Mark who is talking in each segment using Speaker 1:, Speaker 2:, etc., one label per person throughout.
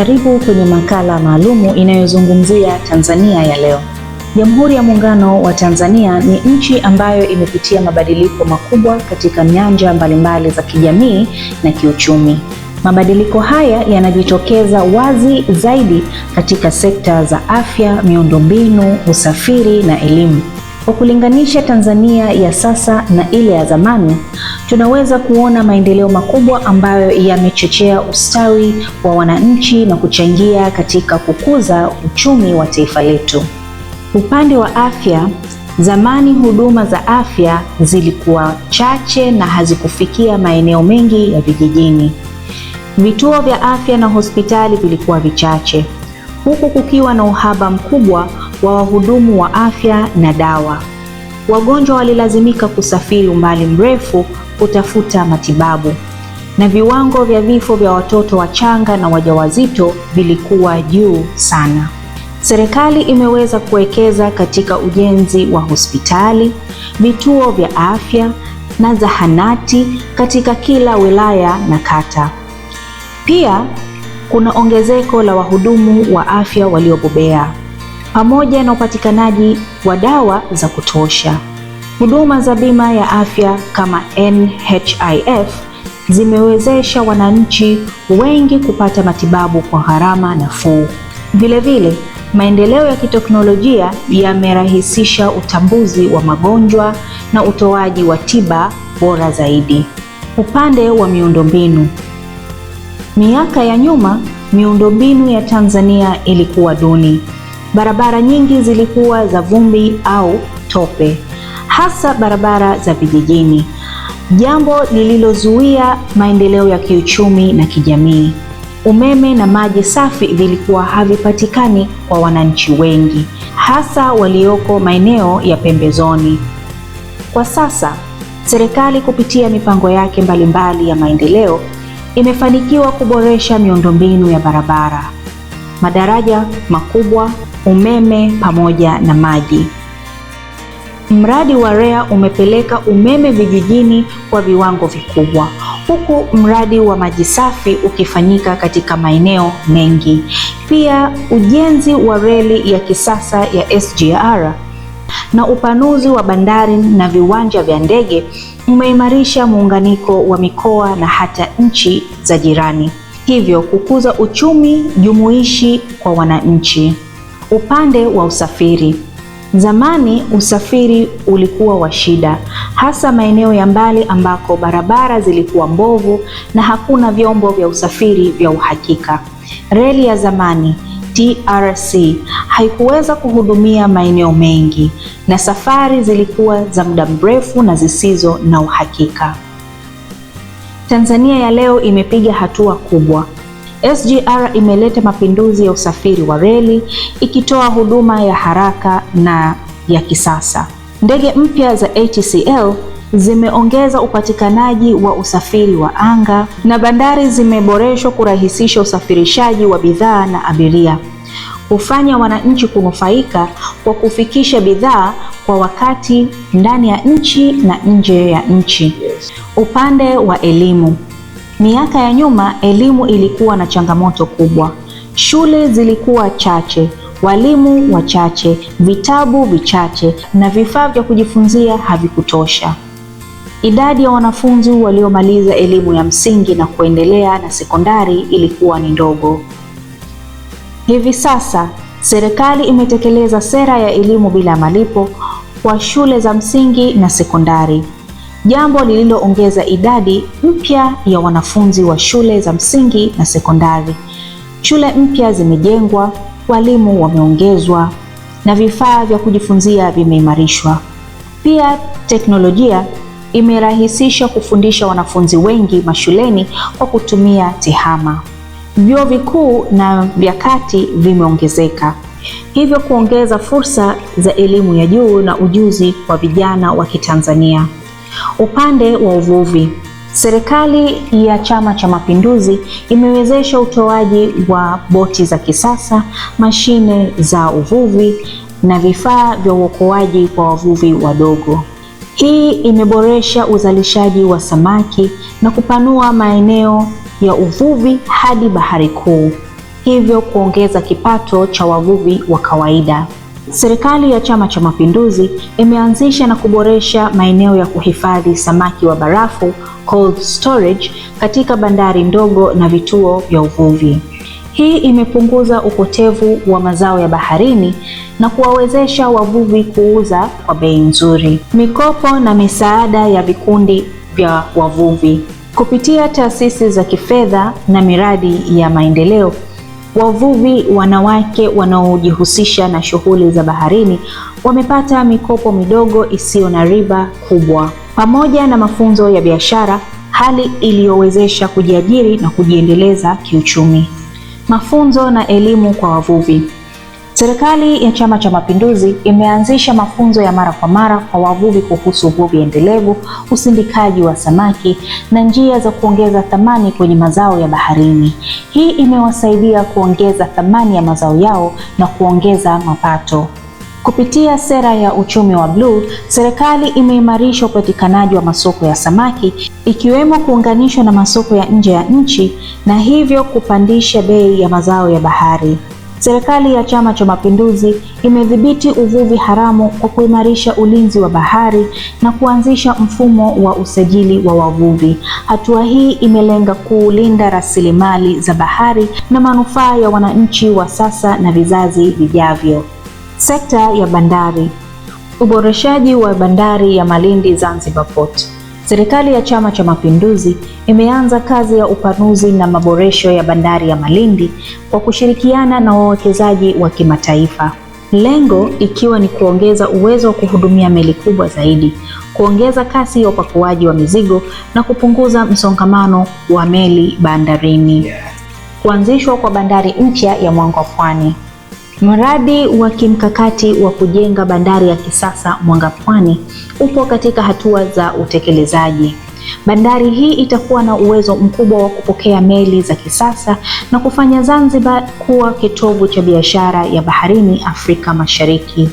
Speaker 1: Karibu kwenye makala maalumu inayozungumzia Tanzania ya leo. Jamhuri ya Muungano wa Tanzania ni nchi ambayo imepitia mabadiliko makubwa katika nyanja mbalimbali za kijamii na kiuchumi. Mabadiliko haya yanajitokeza wazi zaidi katika sekta za afya, miundombinu, usafiri na elimu. Kwa kulinganisha Tanzania ya sasa na ile ya zamani, tunaweza kuona maendeleo makubwa ambayo yamechochea ustawi wa wananchi na kuchangia katika kukuza uchumi wa taifa letu. Upande wa afya, zamani huduma za afya zilikuwa chache na hazikufikia maeneo mengi ya vijijini. Vituo vya afya na hospitali vilikuwa vichache, huku kukiwa na uhaba mkubwa wa wahudumu wa afya na dawa. Wagonjwa walilazimika kusafiri umbali mrefu kutafuta matibabu, na viwango vya vifo vya watoto wachanga na wajawazito vilikuwa juu sana. Serikali imeweza kuwekeza katika ujenzi wa hospitali, vituo vya afya na zahanati katika kila wilaya na kata. Pia kuna ongezeko la wahudumu wa afya waliobobea pamoja na upatikanaji wa dawa za kutosha. Huduma za bima ya afya kama NHIF zimewezesha wananchi wengi kupata matibabu kwa gharama nafuu. Vilevile, maendeleo ya kiteknolojia yamerahisisha utambuzi wa magonjwa na utoaji wa tiba bora zaidi. Upande wa miundombinu, miaka ya nyuma miundombinu ya Tanzania ilikuwa duni. Barabara nyingi zilikuwa za vumbi au tope hasa barabara za vijijini, jambo lililozuia maendeleo ya kiuchumi na kijamii. Umeme na maji safi vilikuwa havipatikani kwa wananchi wengi, hasa walioko maeneo ya pembezoni. Kwa sasa serikali kupitia mipango yake mbalimbali mbali ya maendeleo imefanikiwa kuboresha miundombinu ya barabara, madaraja makubwa, umeme pamoja na maji. Mradi wa REA umepeleka umeme vijijini kwa viwango vikubwa, huku mradi wa maji safi ukifanyika katika maeneo mengi. Pia ujenzi wa reli ya kisasa ya SGR na upanuzi wa bandari na viwanja vya ndege umeimarisha muunganiko wa mikoa na hata nchi za jirani, hivyo kukuza uchumi jumuishi kwa wananchi. Upande wa usafiri Zamani usafiri ulikuwa wa shida, hasa maeneo ya mbali ambako barabara zilikuwa mbovu na hakuna vyombo vya usafiri vya uhakika. Reli ya zamani TRC haikuweza kuhudumia maeneo mengi na safari zilikuwa za muda mrefu na zisizo na uhakika. Tanzania ya leo imepiga hatua kubwa SGR imeleta mapinduzi ya usafiri wa reli ikitoa huduma ya haraka na ya kisasa. Ndege mpya za ATCL zimeongeza upatikanaji wa usafiri wa anga na bandari zimeboreshwa kurahisisha usafirishaji wa bidhaa na abiria, kufanya wananchi kunufaika kwa kufikisha bidhaa kwa wakati ndani ya nchi na nje ya nchi. Upande wa elimu Miaka ya nyuma elimu ilikuwa na changamoto kubwa. Shule zilikuwa chache, walimu wachache, vitabu vichache na vifaa vya kujifunzia havikutosha. Idadi ya wanafunzi waliomaliza elimu ya msingi na kuendelea na sekondari ilikuwa ni ndogo. Hivi sasa serikali imetekeleza sera ya elimu bila malipo kwa shule za msingi na sekondari jambo lililoongeza idadi mpya ya wanafunzi wa shule za msingi na sekondari. Shule mpya zimejengwa, walimu wameongezwa na vifaa vya kujifunzia vimeimarishwa. Pia teknolojia imerahisisha kufundisha wanafunzi wengi mashuleni kwa kutumia tehama. Vyuo vikuu na vya kati vimeongezeka, hivyo kuongeza fursa za elimu ya juu na ujuzi kwa vijana wa Kitanzania. Upande wa uvuvi, serikali ya Chama cha Mapinduzi imewezesha utoaji wa boti za kisasa, mashine za uvuvi na vifaa vya uokoaji kwa wavuvi wadogo. Hii imeboresha uzalishaji wa samaki na kupanua maeneo ya uvuvi hadi Bahari Kuu, hivyo kuongeza kipato cha wavuvi wa kawaida. Serikali ya Chama cha Mapinduzi imeanzisha na kuboresha maeneo ya kuhifadhi samaki wa barafu cold storage katika bandari ndogo na vituo vya uvuvi. Hii imepunguza upotevu wa mazao ya baharini na kuwawezesha wavuvi kuuza kwa bei nzuri. Mikopo na misaada ya vikundi vya wavuvi kupitia taasisi za kifedha na miradi ya maendeleo Wavuvi wanawake wanaojihusisha na shughuli za baharini wamepata mikopo midogo isiyo na riba kubwa, pamoja na mafunzo ya biashara, hali iliyowezesha kujiajiri na kujiendeleza kiuchumi. Mafunzo na elimu kwa wavuvi. Serikali ya Chama cha Mapinduzi imeanzisha mafunzo ya mara kwa mara kwa wavuvi kuhusu uvuvi endelevu, usindikaji wa samaki na njia za kuongeza thamani kwenye mazao ya baharini. Hii imewasaidia kuongeza thamani ya mazao yao na kuongeza mapato. Kupitia sera ya uchumi wa bluu, serikali imeimarisha upatikanaji wa masoko ya samaki ikiwemo kuunganishwa na masoko ya nje ya nchi na hivyo kupandisha bei ya mazao ya bahari. Serikali ya Chama cha Mapinduzi imedhibiti uvuvi haramu kwa kuimarisha ulinzi wa bahari na kuanzisha mfumo wa usajili wa wavuvi. Hatua hii imelenga kulinda rasilimali za bahari na manufaa ya wananchi wa sasa na vizazi vijavyo. Sekta ya bandari. Uboreshaji wa bandari ya Malindi Zanzibar Port Serikali ya Chama cha Mapinduzi imeanza kazi ya upanuzi na maboresho ya bandari ya Malindi kwa kushirikiana na wawekezaji wa kimataifa. Lengo ikiwa ni kuongeza uwezo wa kuhudumia meli kubwa zaidi, kuongeza kasi ya upakuaji wa mizigo na kupunguza msongamano wa meli bandarini. Kuanzishwa kwa bandari mpya ya Mwanga Pwani Mradi wa kimkakati wa kujenga bandari ya kisasa Mwanga Pwani upo katika hatua za utekelezaji. Bandari hii itakuwa na uwezo mkubwa wa kupokea meli za kisasa na kufanya Zanzibar kuwa kitovu cha biashara ya baharini Afrika Mashariki.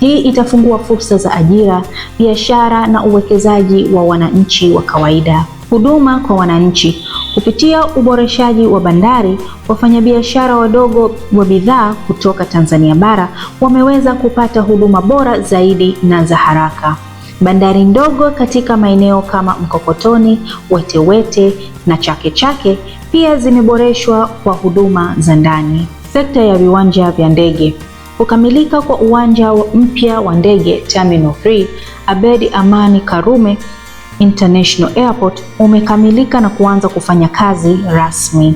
Speaker 1: Hii itafungua fursa za ajira, biashara na uwekezaji wa wananchi wa kawaida. Huduma kwa wananchi. Kupitia uboreshaji wa bandari, wafanyabiashara wadogo wa bidhaa kutoka Tanzania bara wameweza kupata huduma bora zaidi na za haraka. Bandari ndogo katika maeneo kama Mkokotoni, Wetewete na Chake Chake pia zimeboreshwa kwa huduma za ndani. Sekta ya viwanja vya ndege. Kukamilika kwa uwanja mpya wa ndege Terminal 3 Abedi Amani Karume International Airport umekamilika na kuanza kufanya kazi rasmi.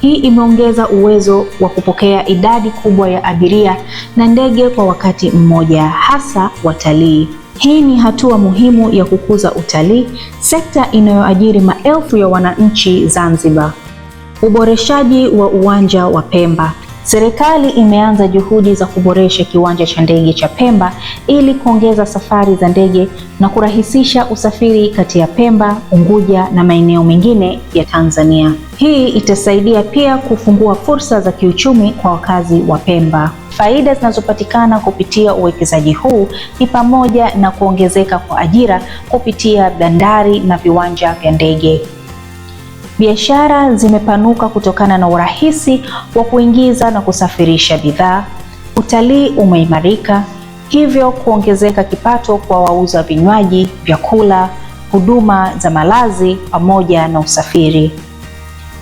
Speaker 1: Hii imeongeza uwezo wa kupokea idadi kubwa ya abiria na ndege kwa wakati mmoja, hasa watalii. Hii ni hatua muhimu ya kukuza utalii, sekta inayoajiri maelfu ya wananchi Zanzibar. Uboreshaji wa uwanja wa Pemba. Serikali imeanza juhudi za kuboresha kiwanja cha ndege cha Pemba ili kuongeza safari za ndege na kurahisisha usafiri kati ya Pemba, Unguja na maeneo mengine ya Tanzania. Hii itasaidia pia kufungua fursa za kiuchumi kwa wakazi wa Pemba. Faida zinazopatikana kupitia uwekezaji huu ni pamoja na kuongezeka kwa ajira kupitia bandari na viwanja vya ndege. Biashara zimepanuka kutokana na urahisi wa kuingiza na kusafirisha bidhaa. Utalii umeimarika, hivyo kuongezeka kipato kwa wauza vinywaji, vyakula, huduma za malazi pamoja na usafiri.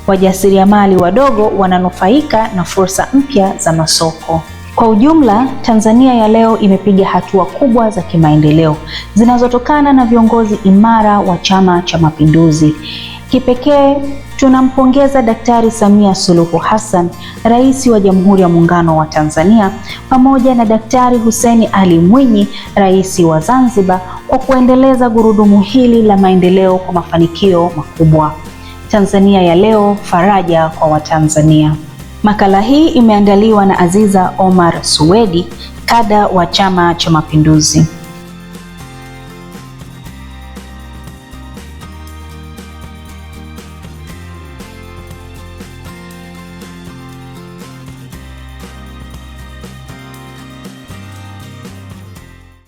Speaker 1: Wajasiriamali wadogo wananufaika na fursa mpya za masoko. Kwa ujumla, Tanzania ya leo imepiga hatua kubwa za kimaendeleo zinazotokana na viongozi imara wa Chama cha Mapinduzi. Kipekee tunampongeza Daktari Samia Suluhu Hassan, Rais wa Jamhuri ya Muungano wa Tanzania, pamoja na Daktari Hussein Ali Mwinyi, Rais wa Zanzibar, kwa kuendeleza gurudumu hili la maendeleo kwa mafanikio makubwa. Tanzania ya leo, faraja kwa Watanzania. Makala hii imeandaliwa na Aziza Omar Suwedi, kada wa Chama cha Mapinduzi.